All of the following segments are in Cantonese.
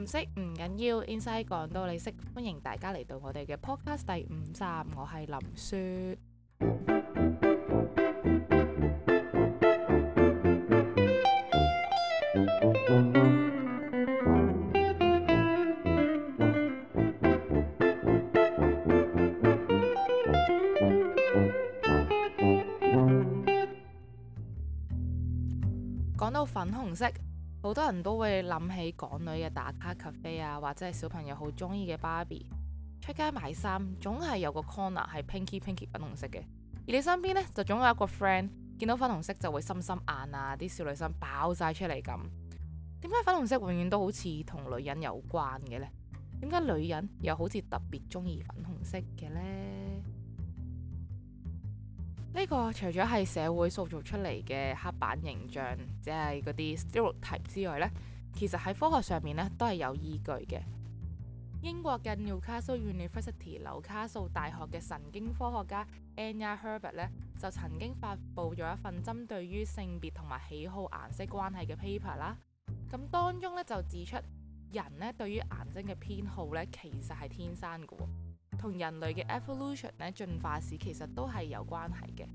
唔識唔緊要，inside 講到你識，歡迎大家嚟到我哋嘅 podcast 第五集，我係林雪。講到粉紅色。好多人都會諗起港女嘅打卡咖啡啊，或者係小朋友好中意嘅芭比。出街買衫，總係有個 corner 係 pinky pinky 粉紅色嘅。而你身邊呢，就總有一個 friend 見到粉紅色就會心心眼啊，啲少女心爆晒出嚟咁。點解粉紅色永遠都好似同女人有關嘅呢？點解女人又好似特別中意粉紅色嘅呢？呢個除咗係社會塑造出嚟嘅黑板形象，即係嗰啲 stereotype 之外呢，其實喺科學上面咧都係有依據嘅。英國嘅 Newcastle University 紐卡素大學嘅神經科學家 Anna Herbert 咧就曾經發布咗一份針對於性別同埋喜好顏色關係嘅 paper 啦。咁當中呢，就指出，人咧對於顏色嘅偏好呢，其實係天生嘅。同人類嘅 evolution 咧進化史其實都係有關係嘅，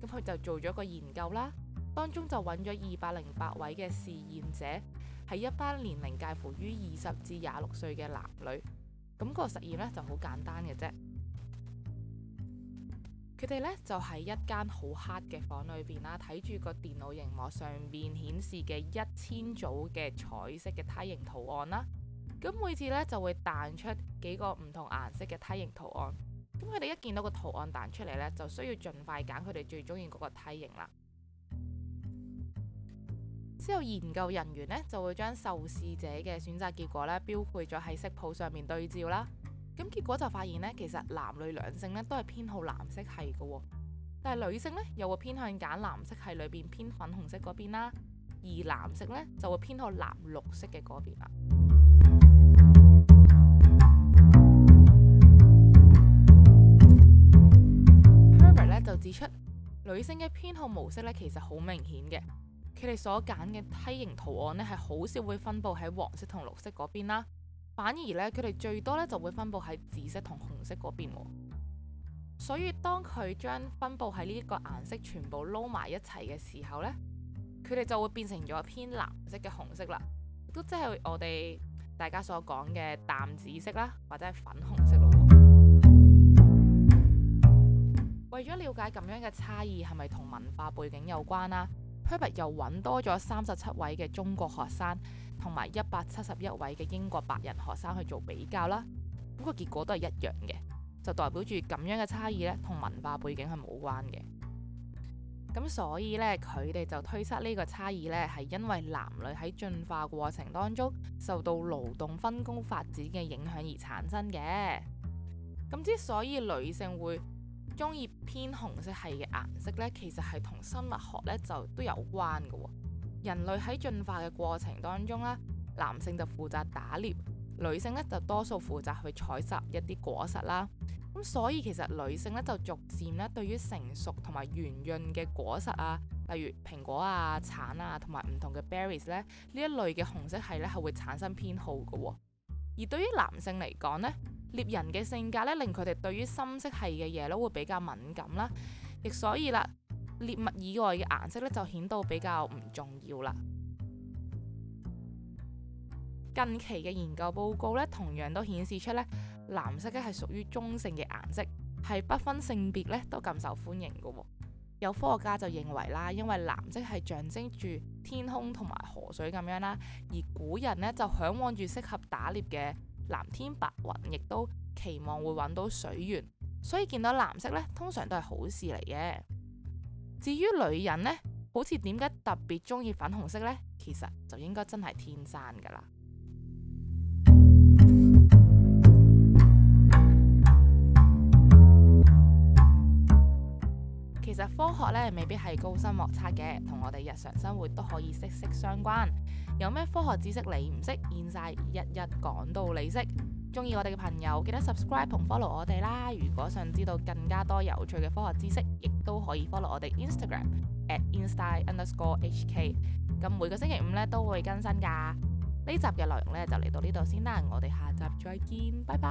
咁佢就做咗個研究啦，當中就揾咗二百零八位嘅試驗者，係一班年齡介乎於二十至廿六歲嘅男女，咁個實驗咧就好簡單嘅啫，佢哋咧就喺一間好黑嘅房裏邊啦，睇住個電腦螢幕上邊顯示嘅一千組嘅彩色嘅梯形圖案啦。咁每次咧就會彈出幾個唔同顏色嘅梯形圖案，咁佢哋一見到個圖案彈出嚟咧，就需要盡快揀佢哋最中意嗰個梯形啦。之後研究人員咧就會將受試者嘅選擇結果咧標配咗喺色譜上面對照啦，咁結果就發現咧，其實男女兩性咧都係偏好藍色系嘅喎、哦，但係女性咧又會偏向揀藍色系裏邊偏粉紅色嗰邊啦，而男性咧就會偏好藍綠色嘅嗰邊啦。性嘅偏好模式呢，其實好明顯嘅。佢哋所揀嘅梯形圖案呢，係好少會分布喺黃色同綠色嗰邊啦。反而呢，佢哋最多呢就會分布喺紫色同紅色嗰邊。所以當佢將分布喺呢一個顏色全部撈埋一齊嘅時候呢，佢哋就會變成咗偏藍色嘅紅色啦，都即係我哋大家所講嘅淡紫色啦，或者係粉紅色咯。為咗，了，了解咁樣嘅差異係咪同文化背景有關啦 p 又揾多咗三十七位嘅中國學生同埋一百七十一位嘅英國白人學生去做比較啦，咁、那個結果都係一樣嘅，就代表住咁樣嘅差異咧同文化背景係冇關嘅。咁所以咧，佢哋就推測呢個差異咧係因為男女喺進化過程當中受到勞動分工發展嘅影響而產生嘅。咁之所以女性會中意偏紅色系嘅顏色咧，其實係同生物學咧就都有關㗎喎、哦。人類喺進化嘅過程當中咧，男性就負責打獵，女性咧就多數負責去採集一啲果實啦。咁、嗯、所以其實女性咧就逐漸咧對於成熟同埋圓潤嘅果實啊，例如蘋果啊、橙啊同埋唔同嘅 berries 咧呢一類嘅紅色系咧係會產生偏好㗎喎、哦。而對於男性嚟講咧，獵人嘅性格咧，令佢哋對於深色系嘅嘢咧會比較敏感啦，亦所以啦，獵物以外嘅顏色咧就顯到比較唔重要啦。近期嘅研究報告咧，同樣都顯示出咧藍色咧係屬於中性嘅顏色，係不分性別咧都咁受歡迎嘅喎。有科學家就認為啦，因為藍色係象徵住天空同埋河水咁樣啦，而古人咧就嚮往住適合打獵嘅藍天白雲亦都期望會揾到水源，所以見到藍色呢，通常都係好事嚟嘅。至於女人呢，好似點解特別中意粉紅色呢？其實就應該真係天生噶啦其實科學咧未必係高深莫測嘅，同我哋日常生活都可以息息相關。有咩科學知識你唔識，現晒日日講到你識。中意我哋嘅朋友記得 subscribe 同 follow 我哋啦。如果想知道更加多有趣嘅科學知識，亦都可以 follow 我哋 Instagram at insta underscore hk。咁每個星期五咧都會更新㗎。呢集嘅內容咧就嚟到呢度先啦，我哋下集再見，拜拜。